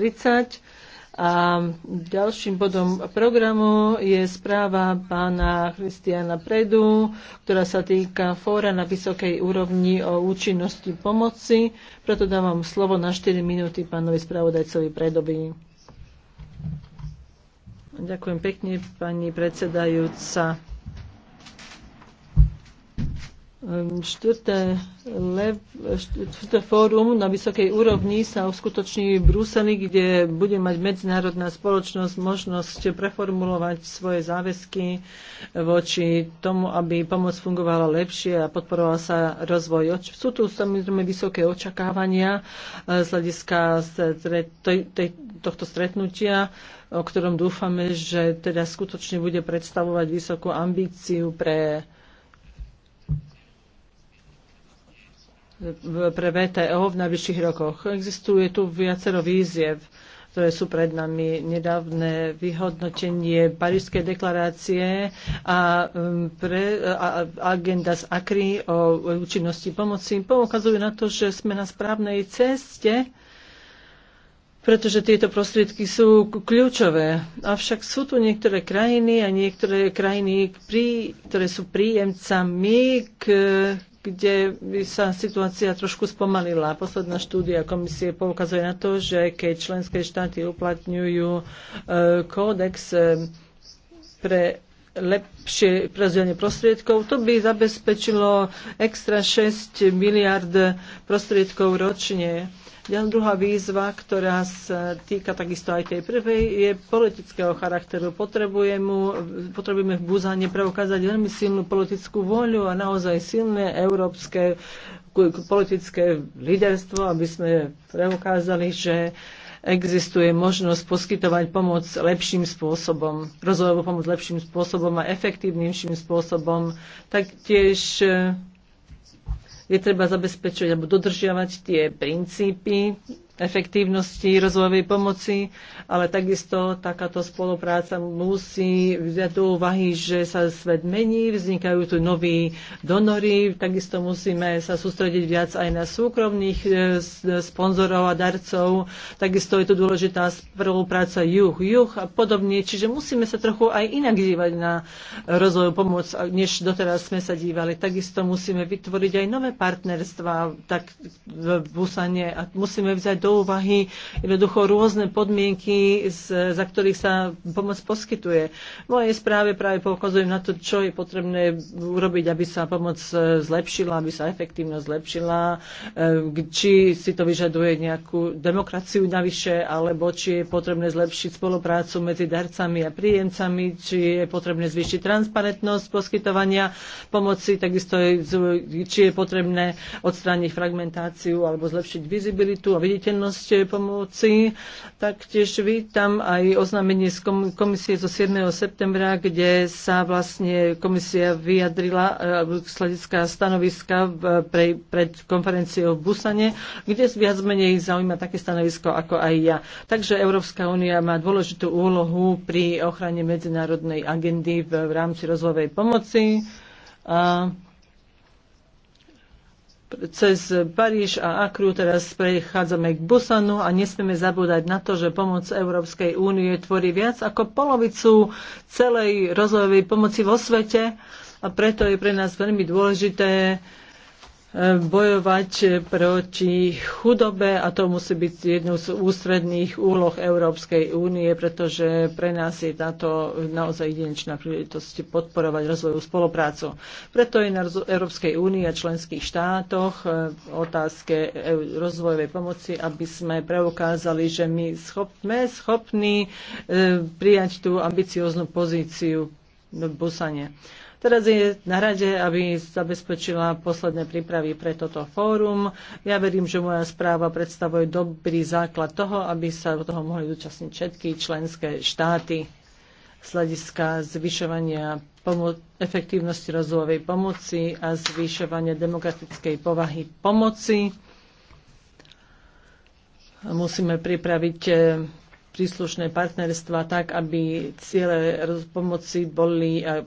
30. A ďalším bodom programu je správa pána Christiana Predu, ktorá sa týka fóra na vysokej úrovni o účinnosti pomoci. Preto dávam slovo na 4 minúty pánovi spravodajcovi Predovi. Ďakujem pekne, pani predsedajúca. Ehm, štvrté, fórum na vysokej úrovni sa uskutoční v Bruseli, kde bude mať medzinárodná spoločnosť možnosť preformulovať svoje záväzky voči tomu, aby pomoc fungovala lepšie a podporoval sa rozvoj. Sú tu samozrejme vysoké očakávania eh, z hľadiska tohto stretnutia, o ktorom dúfame, že teda skutočne bude predstavovať vysokú ambíciu pre pre VTO v najbližších rokoch. Existuje tu viacero víziev, ktoré sú pred nami. Nedávne vyhodnotenie Parížskej deklarácie a, um, pre, a agenda z AKRI o účinnosti pomoci poukazujú na to, že sme na správnej ceste pretože tieto prostriedky sú kľúčové. Avšak sú tu niektoré krajiny a niektoré krajiny, ktoré sú príjemcami, k, kde by sa situácia trošku spomalila. Posledná štúdia komisie poukazuje na to, že keď členské štáty uplatňujú e, kódex e, pre lepšie prezdelenie prostriedkov. To by zabezpečilo extra 6 miliard prostriedkov ročne Druhá výzva, ktorá sa týka takisto aj tej prvej, je politického charakteru. Potrebujeme, potrebujeme v Buzane preukázať veľmi silnú politickú voľu a naozaj silné európske politické liderstvo, aby sme preukázali, že existuje možnosť poskytovať pomoc lepším spôsobom, rozvojovú pomoc lepším spôsobom a efektívnejším spôsobom. Taktiež je treba zabezpečiť alebo dodržiavať tie princípy efektívnosti rozvojovej pomoci, ale takisto takáto spolupráca musí vziať do úvahy, že sa svet mení, vznikajú tu noví donory, takisto musíme sa sústrediť viac aj na súkromných e, sponzorov a darcov, takisto je tu dôležitá spolupráca juh-juh a podobne, čiže musíme sa trochu aj inak dívať na rozvoj pomoc, než doteraz sme sa dívali. Takisto musíme vytvoriť aj nové partnerstva tak v Busane a musíme vziať do úvahy jednoducho rôzne podmienky, z, za ktorých sa pomoc poskytuje. V mojej správe práve poukazujem na to, čo je potrebné urobiť, aby sa pomoc e, zlepšila, aby sa efektívnosť zlepšila, e, či si to vyžaduje nejakú demokraciu navyše, alebo či je potrebné zlepšiť spoluprácu medzi darcami a príjemcami, či je potrebné zvýšiť transparentnosť poskytovania pomoci, takisto či je potrebné odstrániť fragmentáciu alebo zlepšiť vizibilitu a viditeľnosť účinnosť pomoci. Taktiež vítam aj oznámenie z komisie zo 7. septembra, kde sa vlastne komisia vyjadrila e, z stanoviska pre, pred konferenciou v Busane, kde viac menej zaujíma také stanovisko ako aj ja. Takže Európska únia má dôležitú úlohu pri ochrane medzinárodnej agendy v, v rámci rozvojovej pomoci. A cez Paríž a Akru teraz prechádzame k Busanu a nesmieme zabúdať na to, že pomoc Európskej únie tvorí viac ako polovicu celej rozvojovej pomoci vo svete a preto je pre nás veľmi dôležité bojovať eh, proti chudobe a to musí byť jednou z ústredných úloh Európskej únie, pretože pre nás je táto naozaj jedinečná príležitosť podporovať rozvojovú spoluprácu. Preto je na Európskej únii a členských štátoch eh, otázke eh, rozvojovej pomoci, aby sme preukázali, že my sme schopní prijať tú ambicióznu pozíciu v Busane. Teraz je na rade, aby zabezpečila posledné prípravy pre toto fórum. Ja verím, že moja správa predstavuje dobrý základ toho, aby sa do toho mohli zúčastniť všetky členské štáty z hľadiska zvyšovania efektívnosti rozvojovej pomoci a zvyšovania demokratickej povahy pomoci. Musíme pripraviť eh, príslušné partnerstva tak, aby ciele pomoci boli eh,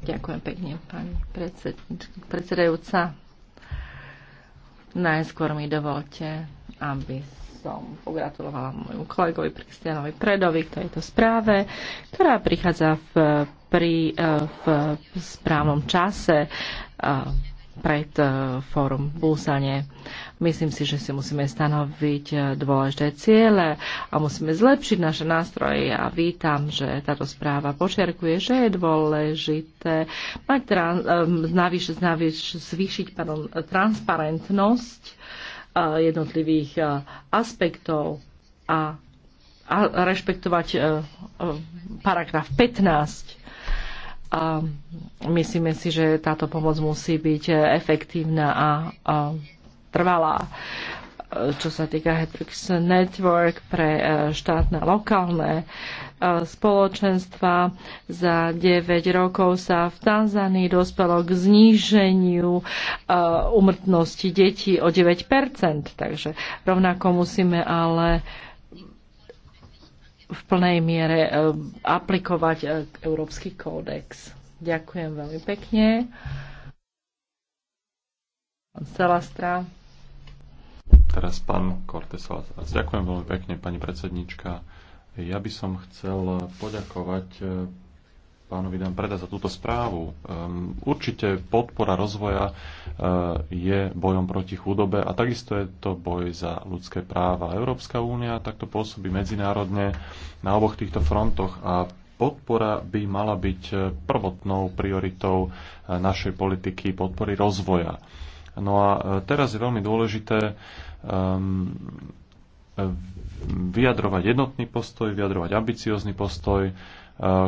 Ďakujem pekne, pani predsedajúca. Najskôr mi dovolte, aby som pogratulovala môjmu kolegovi Kristianovi Predovi k tejto správe, ktorá prichádza v, pri, eh, v správnom čase eh, pred e, fórum v Busane. Myslím si, že si musíme stanoviť e, dôležité ciele a musíme zlepšiť naše nástroje. Ja vítam, že táto správa počerkuje, že je dôležité mať trans, znaviš, e, znaviš, zvýšiť pardon, transparentnosť jednotlivých aspektov a, a rešpektovať paragraf 15 a myslíme si, že táto pomoc musí byť efektívna a, a trvalá. Čo sa týka Hetrix Network pre e, štátne lokálne e, spoločenstva, za 9 rokov sa v Tanzánii dospelo k zníženiu e, umrtnosti detí o 9 Takže rovnako musíme ale v plnej miere e, aplikovať e, Európsky kódex. Ďakujem veľmi pekne. Pán Salastra. Teraz pán Korte Ďakujem veľmi pekne, pani predsednička. Ja by som chcel poďakovať e, pánovi Dan Preda za túto správu. Um, určite podpora rozvoja uh, je bojom proti chudobe a takisto je to boj za ľudské práva. Európska únia takto pôsobí medzinárodne na oboch týchto frontoch a podpora by mala byť eh, prvotnou prioritou eh, našej politiky podpory rozvoja. No a teraz je veľmi dôležité um, vyjadrovať jednotný postoj, vyjadrovať ambiciózny postoj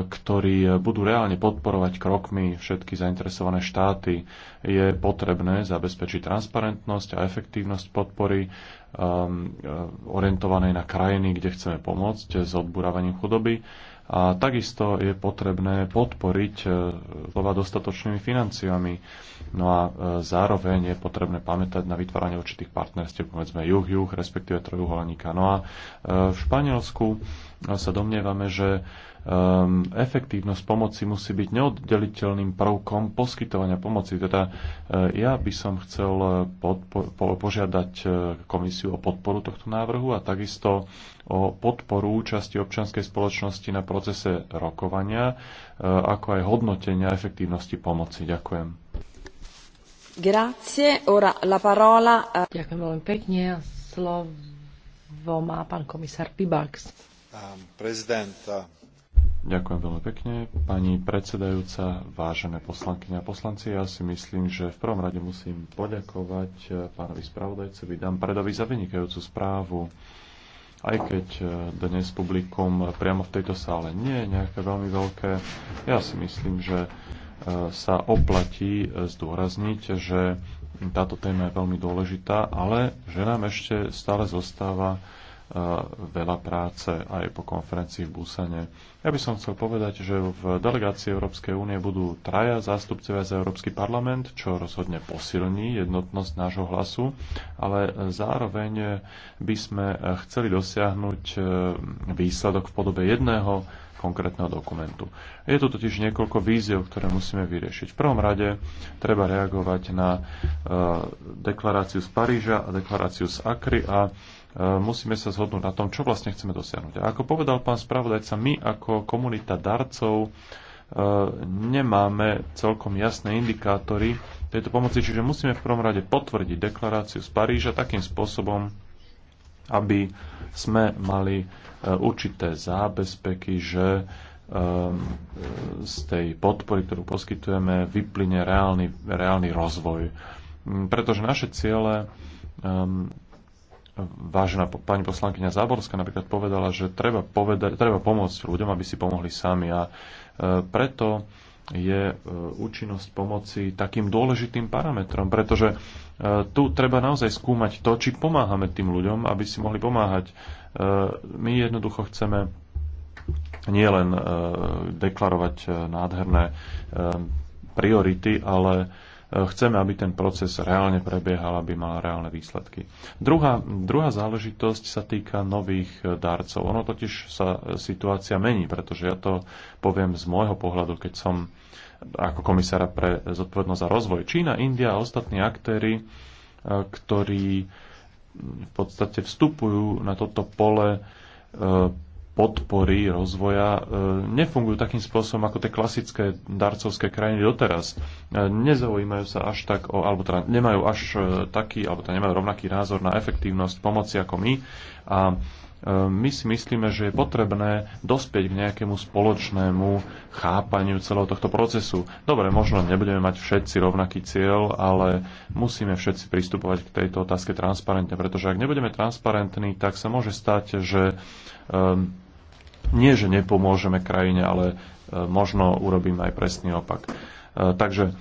ktorí budú reálne podporovať krokmi všetky zainteresované štáty. Je potrebné zabezpečiť transparentnosť a efektívnosť podpory um, uh, orientovanej na krajiny, kde chceme pomôcť s odburávaním chudoby. A takisto je potrebné podporiť uh, slova dostatočnými financiami. No a uh, zároveň je potrebné pamätať na vytváranie určitých partnerstiev, povedzme juh-juh, respektíve trojuholníka. No a v Španielsku sa domnievame, že um, efektívnosť pomoci musí byť neoddeliteľným prvkom poskytovania pomoci. Teda uh, ja by som chcel eh, podpo- po- požiadať eh, komisiu o podporu tohto návrhu a takisto o podporu účasti občianskej spoločnosti na procese rokovania, uh, ako aj hodnotenia efektívnosti pomoci. Ďakujem. Grazie. Ora la parola. Ďakujem veľmi pekne. Slovo má pán komisár Pibax. Um, prezident, uh... Ďakujem veľmi pekne. Pani predsedajúca, vážené poslankyne a poslanci, ja si myslím, že v prvom rade musím poďakovať eh, pánovi spravodajcovi Dan Predovi za vynikajúcu správu. Aj keď eh, dnes publikum priamo v tejto sále nie je nejaké veľmi veľké, ja si myslím, že eh, sa oplatí zdôrazniť, že táto téma je veľmi dôležitá, ale že nám ešte stále zostáva veľa práce aj po konferencii v Busane. Ja by som chcel povedať, že v delegácii Európskej únie budú traja zástupcovia za Európsky parlament, čo rozhodne posilní jednotnosť nášho hlasu, ale zároveň by sme chceli dosiahnuť e, výsledok v podobe jedného konkrétneho dokumentu. Je tu totiž niekoľko víziev, ktoré musíme vyriešiť. V prvom rade treba reagovať na e, deklaráciu z Paríža a deklaráciu z Akry a E, musíme sa zhodnúť na tom, čo vlastne chceme dosiahnuť. A ako povedal pán spravodajca, my ako komunita darcov e, nemáme celkom jasné indikátory tejto pomoci, čiže musíme v prvom rade potvrdiť deklaráciu z Paríža takým spôsobom, aby sme mali e, určité zábezpeky, že z tej podpory, ktorú poskytujeme, vyplyne reálny, reálny rozvoj. Pretože naše ciele vážená pani poslankyňa Záborská napríklad povedala, že treba, povedať, treba pomôcť ľuďom, aby si pomohli sami. A e, preto je e, účinnosť pomoci takým dôležitým parametrom, pretože e, tu treba naozaj skúmať to, či pomáhame tým ľuďom, aby si mohli pomáhať. My jednoducho chceme nielen deklarovať nádherné priority, ale chceme, aby ten proces reálne prebiehal, aby mal reálne výsledky. Druhá, druhá záležitosť sa týka nových darcov. Ono totiž sa e, situácia mení, pretože ja to poviem z môjho pohľadu, keď som ako komisára pre zodpovednosť za rozvoj. Čína, India a ostatní aktéry, e, ktorí v podstate vstupujú na toto pole e, podpory rozvoja e, nefungujú takým spôsobom ako tie klasické darcovské krajiny doteraz. E, nezaujímajú sa až tak o, alebo teda nemajú až e, taký, alebo teda nemajú rovnaký názor na efektívnosť pomoci ako my. A my si myslíme, že je potrebné dospieť k nejakému spoločnému chápaniu celého tohto procesu. Dobre, možno nebudeme mať všetci rovnaký cieľ, ale musíme všetci pristupovať k tejto otázke transparentne, pretože ak nebudeme transparentní, tak sa môže stať, že um, nie, že nepomôžeme krajine, ale e, možno urobíme aj presný opak. E, takže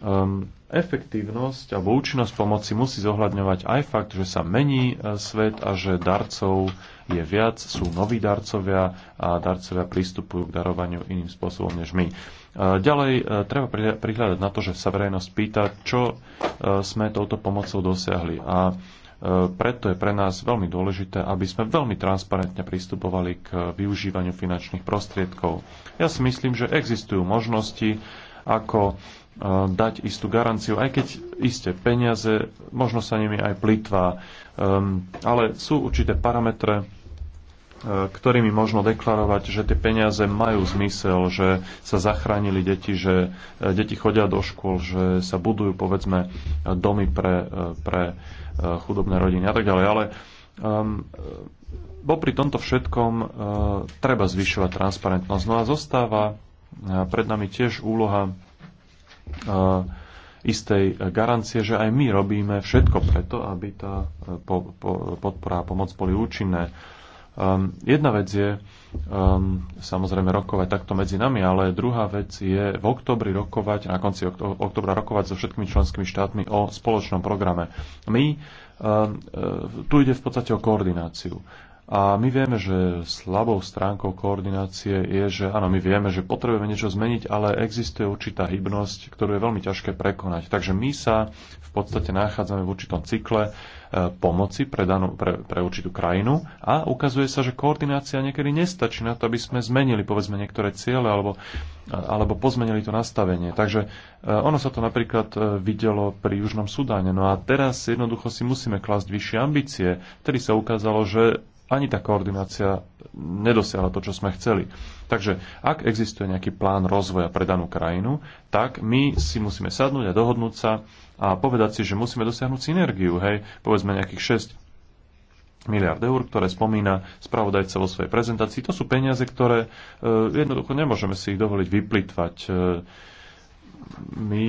um, efektívnosť alebo účinnosť pomoci musí zohľadňovať aj fakt, že sa mení e, svet a že darcov je viac, sú noví darcovia a darcovia prístupujú k darovaniu iným spôsobom než my. Ďalej treba prihľadať na to, že sa verejnosť pýta, čo sme touto pomocou dosiahli. A preto je pre nás veľmi dôležité, aby sme veľmi transparentne pristupovali k využívaniu finančných prostriedkov. Ja si myslím, že existujú možnosti, ako e, dať istú garanciu, aj keď isté peniaze, možno sa nimi aj plitvá, ehm, ale sú určité parametre, ktorými možno deklarovať, že tie peniaze majú zmysel, že sa zachránili deti, že e, deti chodia do škôl, že sa budujú, povedzme, domy pre, e, pre e, chudobné rodiny a tak ďalej. Ale um, bo pri tomto všetkom uh, treba zvyšovať transparentnosť. No a zostáva pred nami tiež úloha uh, istej garancie, že aj my robíme všetko preto, aby tá podpora a pomoc boli účinné. Um, jedna vec je um, samozrejme rokovať takto medzi nami, ale druhá vec je v oktobri rokovať, na konci oktobra rokovať so všetkými členskými štátmi o spoločnom programe. My um, e, tu ide v podstate o koordináciu. A my vieme, že slabou stránkou koordinácie je, že áno, my vieme, že potrebujeme niečo zmeniť, ale existuje určitá hybnosť, ktorú je veľmi ťažké prekonať. Takže my sa v podstate nachádzame v určitom cykle e, pomoci pre, danú, pre, pre určitú krajinu a ukazuje sa, že koordinácia niekedy nestačí na to, aby sme zmenili povedzme niektoré ciele alebo, alebo pozmenili to nastavenie. Takže e, ono sa to napríklad e, videlo pri Južnom Sudáne. No a teraz jednoducho si musíme klásť vyššie ambície. Vtedy sa ukázalo, že ani tá koordinácia nedosiahla to, čo sme chceli. Takže ak existuje nejaký plán rozvoja pre danú krajinu, tak my si musíme sadnúť a dohodnúť sa a povedať si, že musíme dosiahnuť synergiu, hej, povedzme nejakých 6 miliard eur, ktoré spomína spravodajca vo svojej prezentácii. To sú peniaze, ktoré e, jednoducho nemôžeme si ich dovoliť vyplýtvať. E, my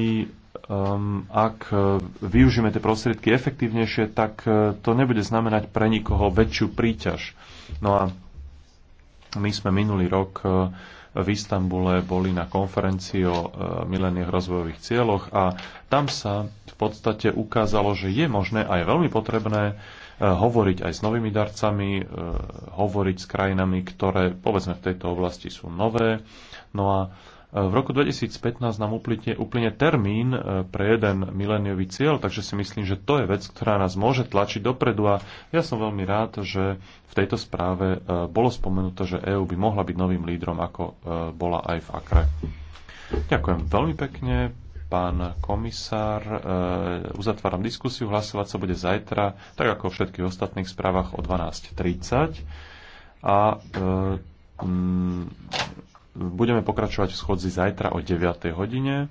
um, ak uh, využijeme tie prostriedky efektívnejšie, tak uh, to nebude znamenať pre nikoho väčšiu príťaž. No a my sme minulý rok uh, v Istambule boli na konferencii o mileniach rozvojových cieľoch a tam sa v podstate ukázalo, že je možné a je veľmi potrebné hovoriť aj s novými darcami, hovoriť s krajinami, ktoré povedzme v tejto oblasti sú nové. No a v roku 2015 nám uplynie, uplynie termín e, pre jeden mileniový cieľ, takže si myslím, že to je vec, ktorá nás môže tlačiť dopredu a ja som veľmi rád, že v tejto správe e, bolo spomenuté, že EÚ by mohla byť novým lídrom, ako e, bola aj v Akre. Ďakujem veľmi pekne, pán komisár. Uzatváram diskusiu, hlasovať sa bude zajtra, tak ako v všetkých ostatných správach o 12.30. A mm, budeme pokračovať v schodzi zajtra o 9. hodine.